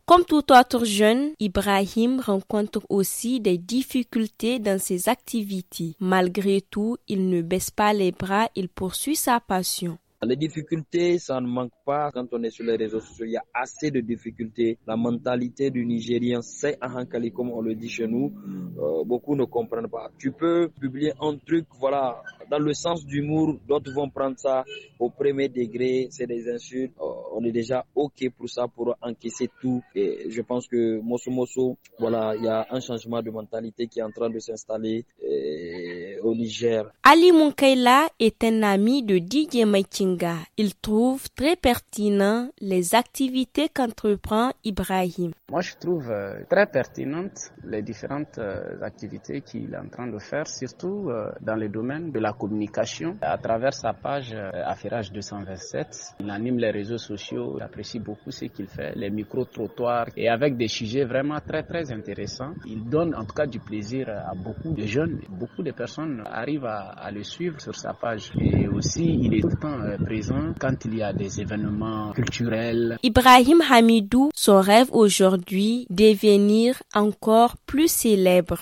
comme tout autre jeune, Ibrahim rencontre aussi des difficultés dans ses activités. Malgré tout, il ne baisse pas les bras, il poursuit sa passion. Les difficultés, ça ne manque pas. Quand on est sur les réseaux sociaux, il y a assez de difficultés. La mentalité du Nigérien, c'est un comme on le dit chez nous. Euh, beaucoup ne comprennent pas. Tu peux publier un truc, voilà, dans le sens d'humour. D'autres vont prendre ça au premier degré. C'est des insultes. Euh, on est déjà OK pour ça, pour encaisser tout. Et je pense que Mosso Mosso, voilà, il y a un changement de mentalité qui est en train de s'installer euh, au Niger. Ali Munkaila est un ami de Didier Maiking il trouve très pertinent les activités qu'entreprend Ibrahim. Moi, je trouve euh, très pertinente les différentes euh, activités qu'il est en train de faire, surtout euh, dans le domaine de la communication. À travers sa page Affirage 227, il anime les réseaux sociaux, apprécie beaucoup ce qu'il fait, les micro-trottoirs et avec des sujets vraiment très très intéressants. Il donne en tout cas du plaisir à beaucoup de jeunes. Beaucoup de personnes arrivent à, le suivre sur sa page et aussi il est tout le temps présent quand il y a des événements culturels. Ibrahim Hamidou, son rêve aujourd'hui, devenir encore plus célèbre.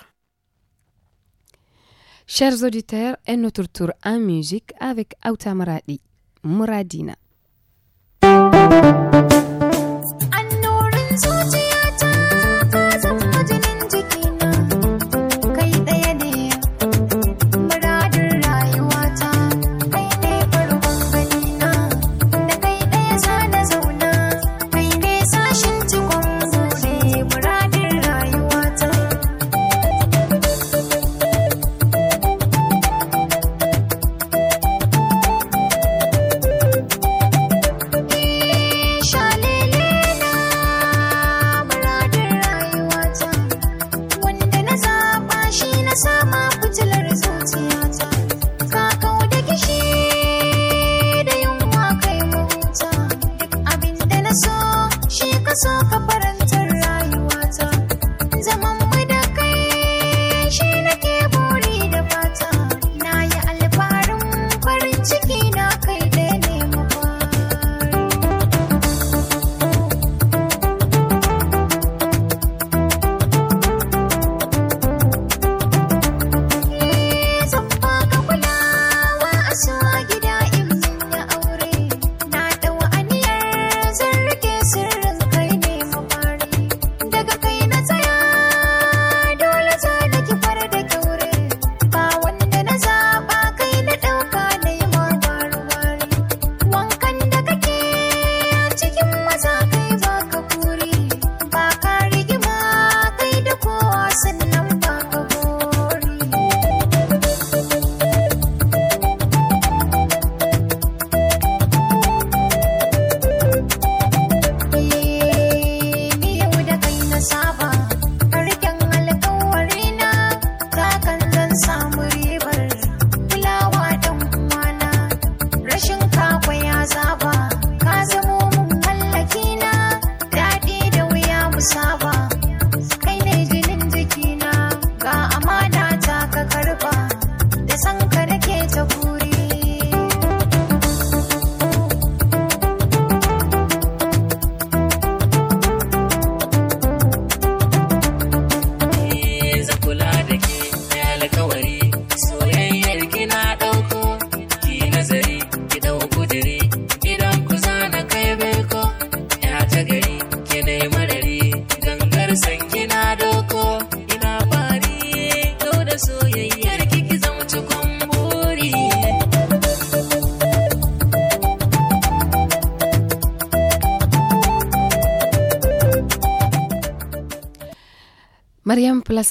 Chers auditeurs, et notre tour en musique avec Auta Muradina.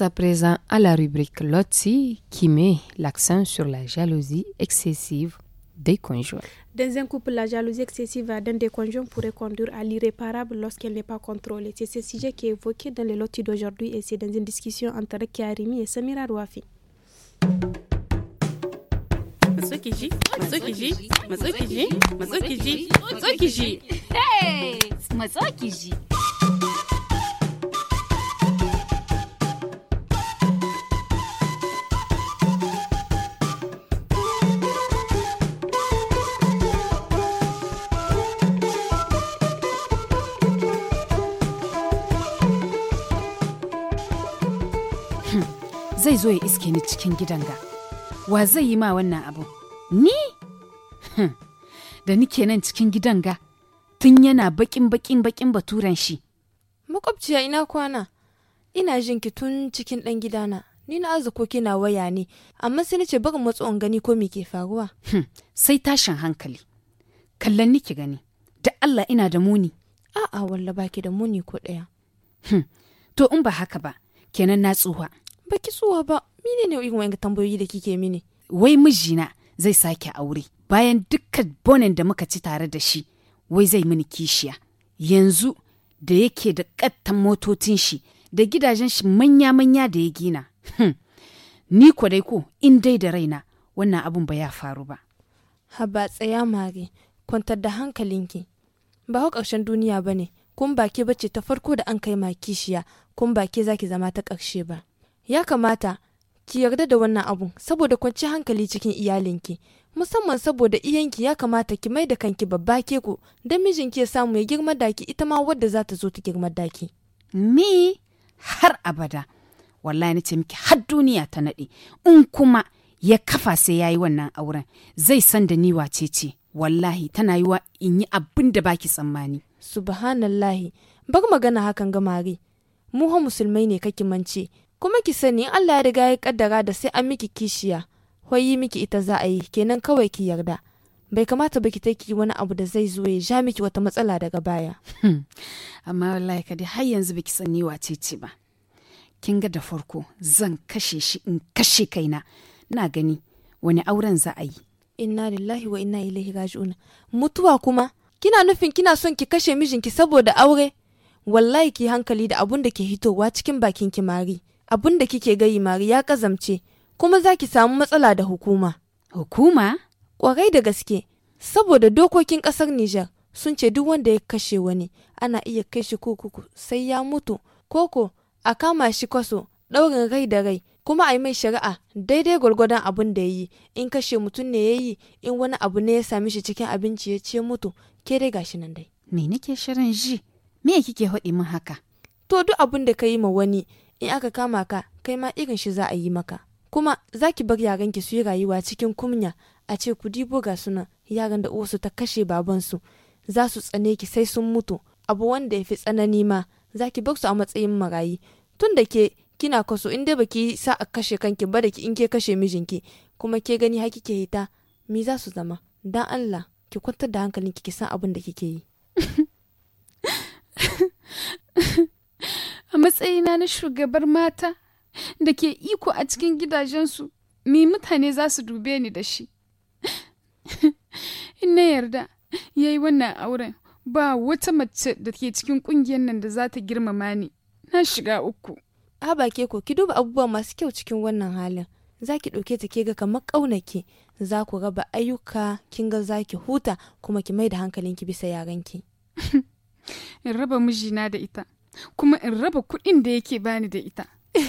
à présent à la rubrique lotti qui met l'accent sur la jalousie excessive des conjoints. Dans un couple, la jalousie excessive d'un des conjoints pourrait conduire à l'irréparable lorsqu'elle n'est pas contrôlée. C'est ce sujet qui est évoqué dans les Lotti d'aujourd'hui et c'est dans une discussion entre Kiarimi et Samira Rouafi. Hey! zai zo ya iske ni cikin gidan ga wa zai yi ma wannan abu ni da nike nan cikin gidan ga tun yana bakin bakin bakin baturen shi makwabciya ina kwana ina jin ki tun cikin dan gidana ni na arziko kina waya ne amma sai nace barin matsuwan gani ko me ke faruwa sai tashin hankali kallon niki gani da Allah ina da muni a'a walla baki da muni ko daya to in ba haka ba kenan na tsuwa ba ki ba mine ne irin wa'in tambayoyi da kike mini wai mijina zai sake aure bayan dukkan bonin da muka ci tare da shi wai zai mini kishiya yanzu da yake da kattan motocin shi da gidajen shi manya-manya da ya gina hmm. ni ko dai ko in dai da raina wannan abun ba ya faru ba haba tsaya mare kwantar da hankalinki ba hau ƙarshen duniya ba ne kun baki bace ta farko da an kai ma kishiya kun baki zaki zama ta ƙarshe ba Ya kamata ki yarda da wannan abun saboda kwanci hankali cikin iyalinki. Musamman saboda iyanki ya kamata ki mai da kanki babba ke ku don mijinki ya samu ya girma daki ita ma wadda za ta zo ta girma daki. Ni har abada. Wallahi na ce miki har duniya ta naɗe. In kuma ya kafa sai ya yi wannan auren zai san da ni wace ce wallahi tana yiwa in yi abin da baki tsammani. subhanallahi bar magana hakan ga mari mu musulmai ne kake mance kuma ki sani Allah ya riga ya kaddara da sai an miki kishiya hoyi miki ita za a yi kenan kawai ki yarda bai kamata ba ki taki wani abu da zai zo ya ja miki wata matsala daga baya hmm. amma wallahi kadi har yanzu baki sani wace ce ba kin ga da farko zan kashe shi in kashe kaina na gani wani auren za a yi inna lillahi wa inna ilaihi raji'un mutuwa kuma kina nufin kina son ki kashe mijinki saboda aure wallahi ki hankali da abun da ke hitowa cikin bakin ki mari abin da kike gayi mari ya kazamce kuma za ki samu matsala da hukuma. Hukuma? Kwarai da gaske, saboda dokokin ƙasar Nijar sun ce duk wanda ya kashe wani ana iya kai shi kurkuku sai ya mutu koko a kama shi kwaso ɗaurin rai da rai kuma a yi mai shari'a daidai gwargwadon abin da ya yi in kashe mutum ne ya yi in wani abu ne ya sami shi cikin abinci ya ce mutu ke dai gashi nan dai. Me nake shirin ji? Me kike haɗi min haka? To duk abin da ka yi ma wani in aka kama ka kai ma irin shi za a yi maka kuma za ki bar yaranki su yi rayuwa cikin kunya a ce ku dibo ga suna yaran da uwarsu ta kashe babansu za su tsane ki sai sun mutu abu wanda ya fi tsanani ma za ki bar su a matsayin marayi tun da ke kina kwaso in dai baki sa a kashe kanki ba da ki in ke kashe mijinki kuma ke gani har kike hita mi za su zama dan Allah ki kwantar da hankalinki ki san abin da kike yi [laughs] a matsayina na shugabar mata da ke iko a cikin gidajensu me mutane za su dube ni da shi in na yarda ya yi wannan auren ba wata mace da ke cikin kungiyar nan da za ta girmama ni na shiga uku a ke ku ki duba abubuwa masu kyau cikin wannan halin za ki ɗauke ta ke ga kamar ƙaunake za ku raba ayyuka kin ga za ki huta kuma ki mai da ki bisa yaranki [laughs] in raba mijina da ita kuma in raba kuɗin da yake bani da ita. [laughs]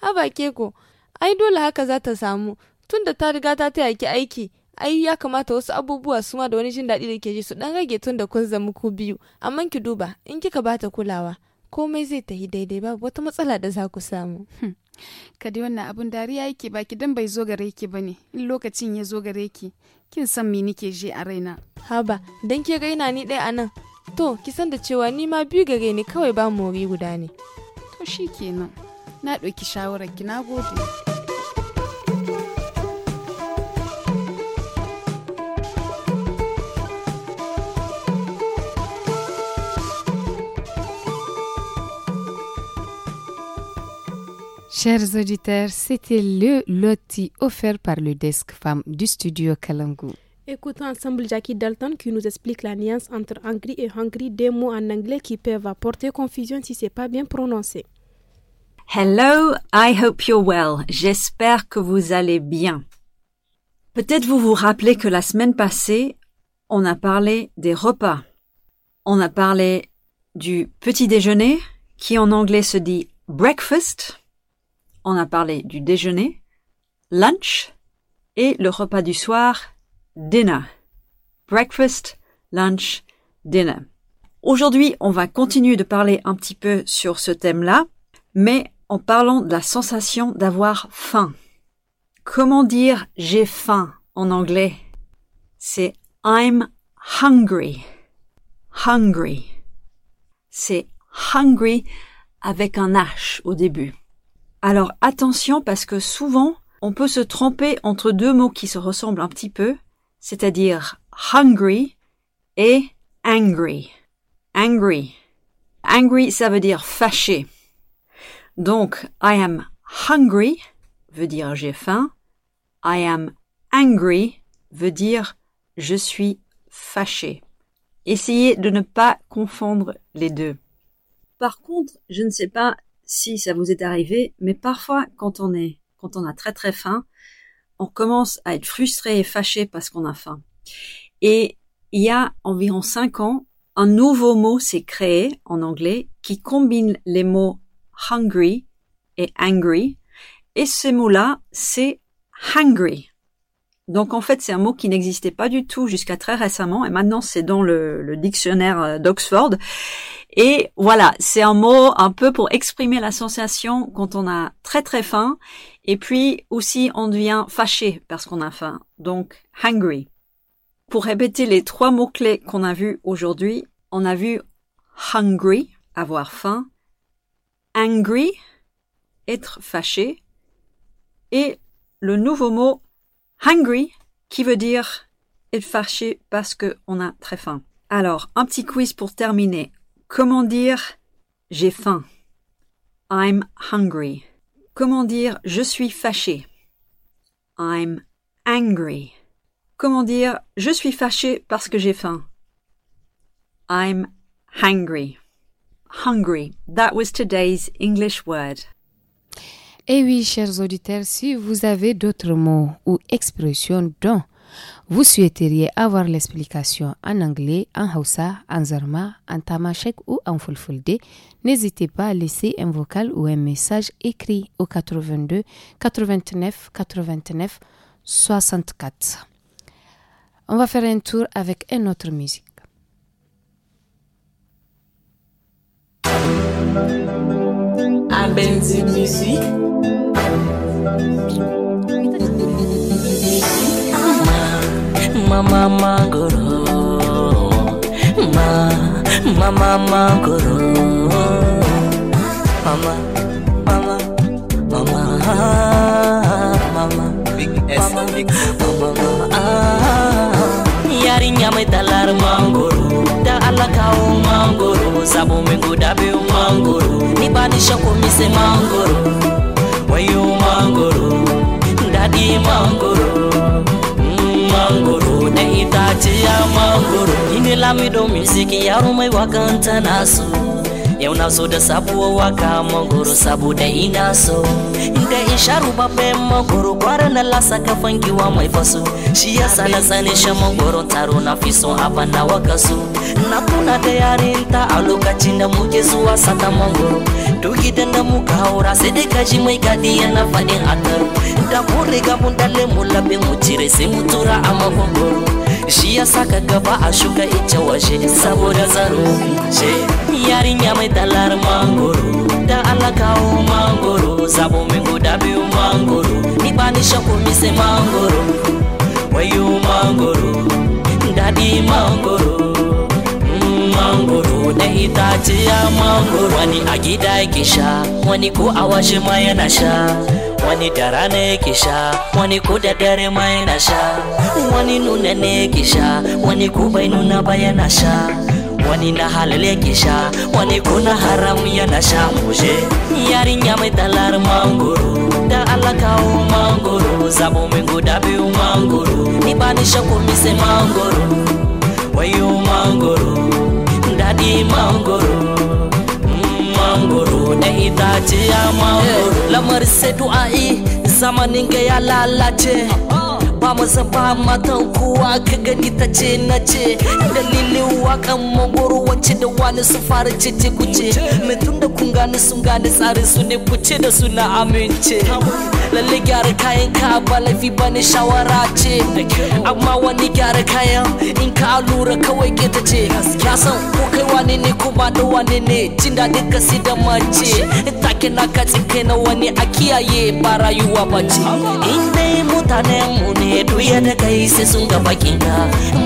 Haba keko, ai dole haka za ta samu tun da ta riga ta taya ki aiki. Ai ya kamata wasu abubuwa su ma da wani jin daɗi da ke ji su ɗan rage tun da kun zama ku biyu, amma ki duba in kika ba ta kulawa komai zai tafi daidai babu wata matsala da za ku samu. Hmm. Kadi wannan abun dariya yake baki dan bai zo gare ki bane in lokacin ya zo gare ki kin san me nike je a raina. Haba dan ke raina ni ɗaya anan to kisan da cewa ni ma biyu gare ni kawai ba mori guda to shi kenan na ɗauki shawarar ki na gode Chers auditeurs, c'était le loti offert par le desk femme du studio Kalangu. Écoutons ensemble Jackie Dalton qui nous explique la nuance entre angry et hungry, deux mots en anglais qui peuvent apporter confusion si c'est pas bien prononcé. Hello, I hope you're well. J'espère que vous allez bien. Peut-être vous vous rappelez que la semaine passée, on a parlé des repas. On a parlé du petit déjeuner, qui en anglais se dit breakfast. On a parlé du déjeuner, lunch, et le repas du soir, dinner. Breakfast, lunch, dinner. Aujourd'hui, on va continuer de parler un petit peu sur ce thème-là, mais en parlant de la sensation d'avoir faim. Comment dire j'ai faim en anglais C'est I'm hungry. Hungry. C'est hungry avec un H au début. Alors attention parce que souvent on peut se tromper entre deux mots qui se ressemblent un petit peu c'est-à-dire hungry et angry. Angry. Angry, ça veut dire fâché. Donc, I am hungry veut dire j'ai faim. I am angry veut dire je suis fâché. Essayez de ne pas confondre les deux. Par contre, je ne sais pas si ça vous est arrivé, mais parfois quand on est, quand on a très très faim, on commence à être frustré et fâché parce qu'on a faim. Et il y a environ cinq ans, un nouveau mot s'est créé en anglais qui combine les mots hungry et angry. Et ce mot là c'est hungry. Donc en fait, c'est un mot qui n'existait pas du tout jusqu'à très récemment, et maintenant c'est dans le, dictionnaire euh, d'Oxford. Et voilà, c'est un mot un peu pour exprimer la sensation quand on a très très faim, et puis aussi on devient fâché parce qu'on a faim, donc hungry. Pour répéter les trois mots-clés qu'on a vus aujourd'hui, on a vu hungry, avoir faim, angry, être fâché, et le nouveau mot Hungry, qui veut dire être fâché parce on a très faim. Alors, un petit quiz pour terminer. Comment dire j'ai faim? I'm hungry. Comment dire je suis fâché? I'm angry. Comment dire je suis fâché parce que j'ai faim? I'm hungry. Hungry. That was today's English word. Eh oui, chers auditeurs, si vous avez d'autres mots ou expressions dont vous souhaiteriez avoir l'explication en anglais, en hausa, en zarma, en tamashek ou en fulfulde, n'hésitez pas à laisser un vocal ou un message écrit au 82 89 89 64. On va faire un tour avec une autre musique. Abenzi Musique Mama Mangoro Ma Mama Mangoro Mama Mama Mama Mama Big S Mama Mama Yari nyame dalar mangoro Da Allah kau mangoro Sabu minggu dabe mangoro Nibani shoko mise mangoro wayo mangoro daɗi mangoro mm, mangoro da itaciya mangoro ini lamido music yaro mai wakanta tana yau na da sabuwar waka mangoro saboda ina so da isharu babban mangoro kwara na lasa kafan giwa mai faso shi yasa na tsani shi mangoro taro na fi son abana waka so na tuna da yarinta a lokacin da muke zuwa sata mangoro ndoki danda mukaora sedeka chimwe ikadiyana fade akaru ndakoreka mundale mulape mutire semutura amakongoro zhiya saka gaba ashuka ichawazhe saborazarovije yari nyama italari mangoro ndaalakawo mangoro zabomengodabiu mangoro nibanishakomise mangoro wayu mangoro ndadi mangoro, mangoro. mangoro da itaciya mangoro wani a gida yake sha wani ko a washe ma yana sha wani da rana yake sha wani ko da dare ma yana sha wani nuna ne yake sha wani ko bai nuna ba yana sha wani na halal yake sha wani ko na haram yana sha muje yarinya mai dalar mangoro da alakawo mangoro zabo min guda biyu mangoro ni ba ni shakku mise mangoro wayo mangoro daɗi mangoro mm, mangoro na itace ya mangoro eh. lamar sai du'a'i zamanin ga ya lalace uh-huh. ba maza ba matan kowa ka gani ta ce na ce dalilin waƙan mangoro wacce da wani su fara cece kuce mai tun da kun gani sun gani tsarin su ne kuce da su na amince lalle gyara kayan ka ba laifi ne shawara ce amma wani gyara kayan in ka lura kawai keta ce ya san ko kai wani ne ko ba da wani ne jin daɗin ka si da mace take na ka tsinke na wani a kiyaye ba rayuwa ba ce in dai mutanen mu ne duya da kai sai sun ga bakin ka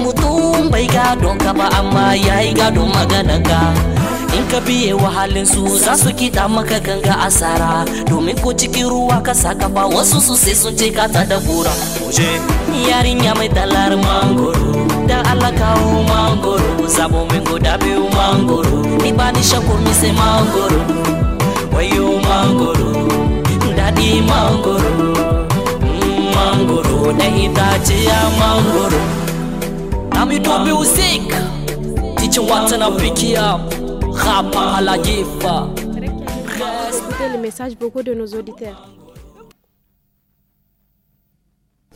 mutum bai gadon ka ba amma yayi gadon magana ka in ka biye wa halin su za su kiɗa maka ganga asara domin ko cikin ruwa ka saka ba wasu su sai sun ce ka ta da gora muje yarinya mai dalar mangoro da Allah kawo mangoro zabo min guda biyu mangoro ni ba ni shako mi sai mangoro wayo mangoro daɗi mangoro mm, mangoro na ya mangoro Amito music, teaching to now pick you up. Écoutez le message beaucoup de nos auditeurs.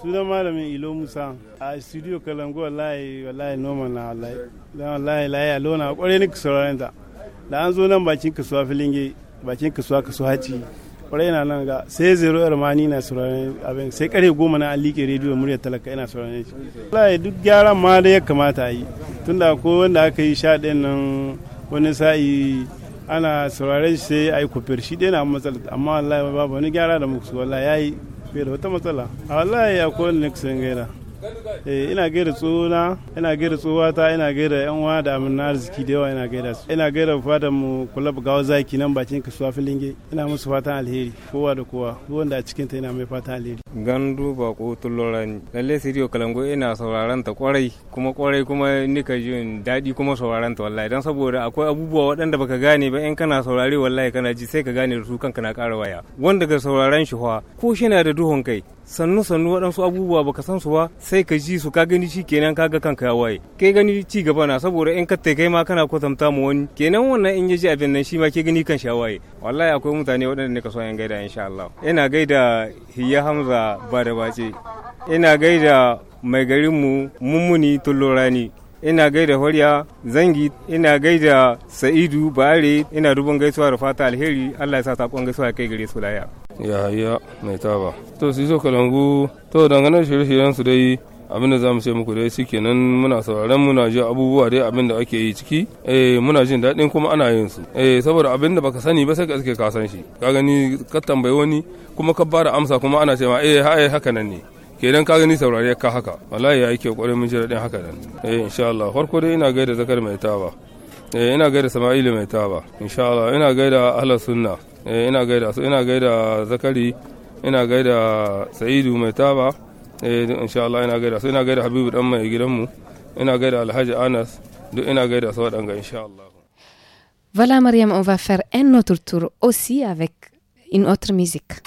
ilo musa a studio kalangu wallahi wallahi noman na wallahi dan wallahi lahi a lona kwarai ni sauraron ta da an zo nan bakin kasuwa filinge bakin kasuwa kasuwa na nan ga sai zero armani na sauraron abin sai kare goma na an rediyo muryar talaka ina sauraron duk gyara ma da ya kamata yi tunda ko wanda aka yi sha nan wani sa'i ana sauraren shi sai a yi kufir shi dai na matsala amma wallahi babu wani gyara da muku wallahi yayi fiye da wata matsala wallahi ya wani nixon gaira Eh, ina gaida tsohona ina gaida tsohuwata ina gaida yan uwa da na arziki da yawa ina gaida su ina gaida fata mu kula gawa zaki nan bakin kasuwa filinge ina musu fatan alheri kowa da kowa ruwan da a cikin ta ina mai fatan alheri gandu ko tulloran lalle siriyo kalango ina sauraron ta kwarai kuma kwarai kuma nika jin daɗi kuma sauraron ta wallahi dan saboda akwai abubuwa waɗanda baka gane ba in kana saurare wallahi kana ji sai ka gane da su kanka na ƙara waya wanda ga sauraron shi ko shi na da duhun kai sannu sannu waɗansu abubuwa baka san su ba sai ka ji su ka gani shi kenan ka ga kanka ya waye kai gani ci gaba na saboda in ka kai ma kana kwatanta mu wani kenan wannan in ya ji abin nan shi ma ke gani kan shi ya waye wallahi akwai mutane waɗanda ne ka so yan gaida insha Allah ina gaida Hiya Hamza ba da bace ina gaida mai garin garinmu mummuni tullorani ina gaida Horiya Zangi, ina gaida Sa'idu Bare, ina dubin gaisuwa da fata alheri Allah ya sa sakon gaisuwa kai gare su laya. Yahaya mai taba. To su so kalangu to dangane shirye-shiryen su dai abin da zamu ce muku dai shi muna sauraron muna ji abubuwa dai abin da ake yi ciki eh muna jin daɗin kuma ana yin su eh saboda abin da baka sani ba sai ka iske ka san shi ka gani ka tambayi wani kuma ka bada amsa kuma ana cewa eh haye eh, haka nan ne kenan ka gani saurari ka haka wallahi ya yi kyau kwarai mun ji daɗin haka nan eh insha Allah farko dai ina gaida zakar mai taba eh ina gaida sama'ilu mai taba insha Allah ina gaida ahlus sunna eh ina gaida su ina gaida zakari ina gaida sa'idu mai taba eh insha Allah ina gaida su ina gaida habibu dan mai gidanmu ina gaida alhaji anas duk ina gaida su waɗanga insha Allah Voilà Mariam, on va faire un autre tour aussi avec une autre musique.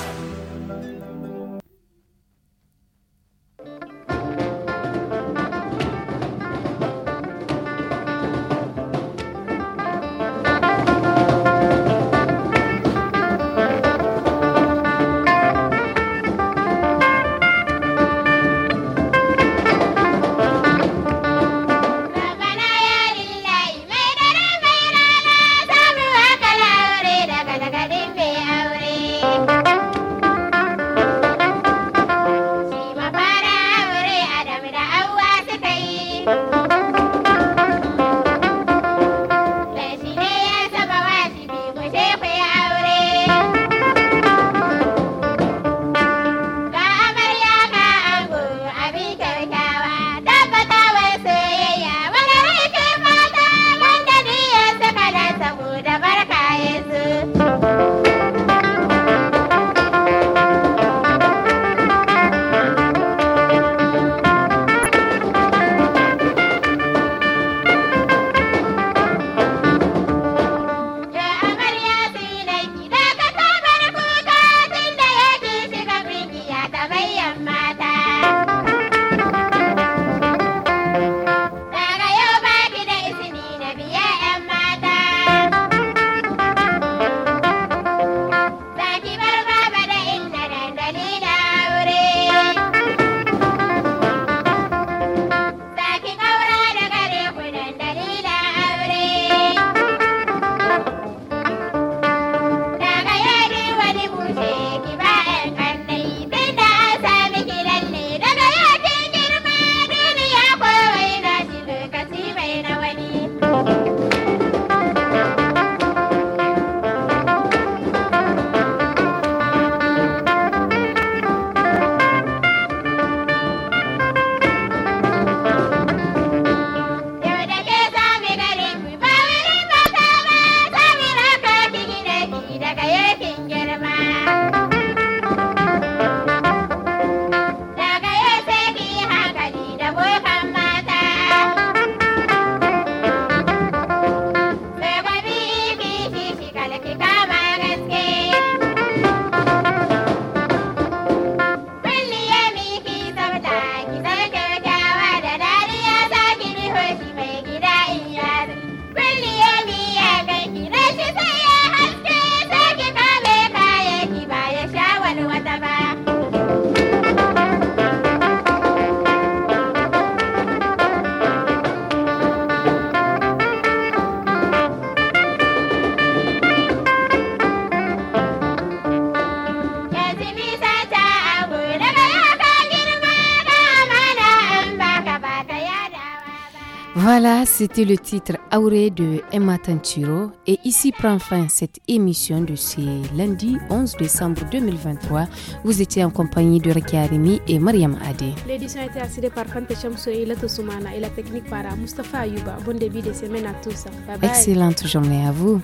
C'était le titre Auré de Emma Tanturo et ici prend fin cette émission de ce lundi 11 décembre 2023. Vous étiez en compagnie de Rekia Arimi et Mariam Adé. L'édition a été assurée par Kante Chamso et Lato Soumana et la technique par Mustafa Ayuba. Bon début de semaine à tous. Bye bye. Excellente journée à vous.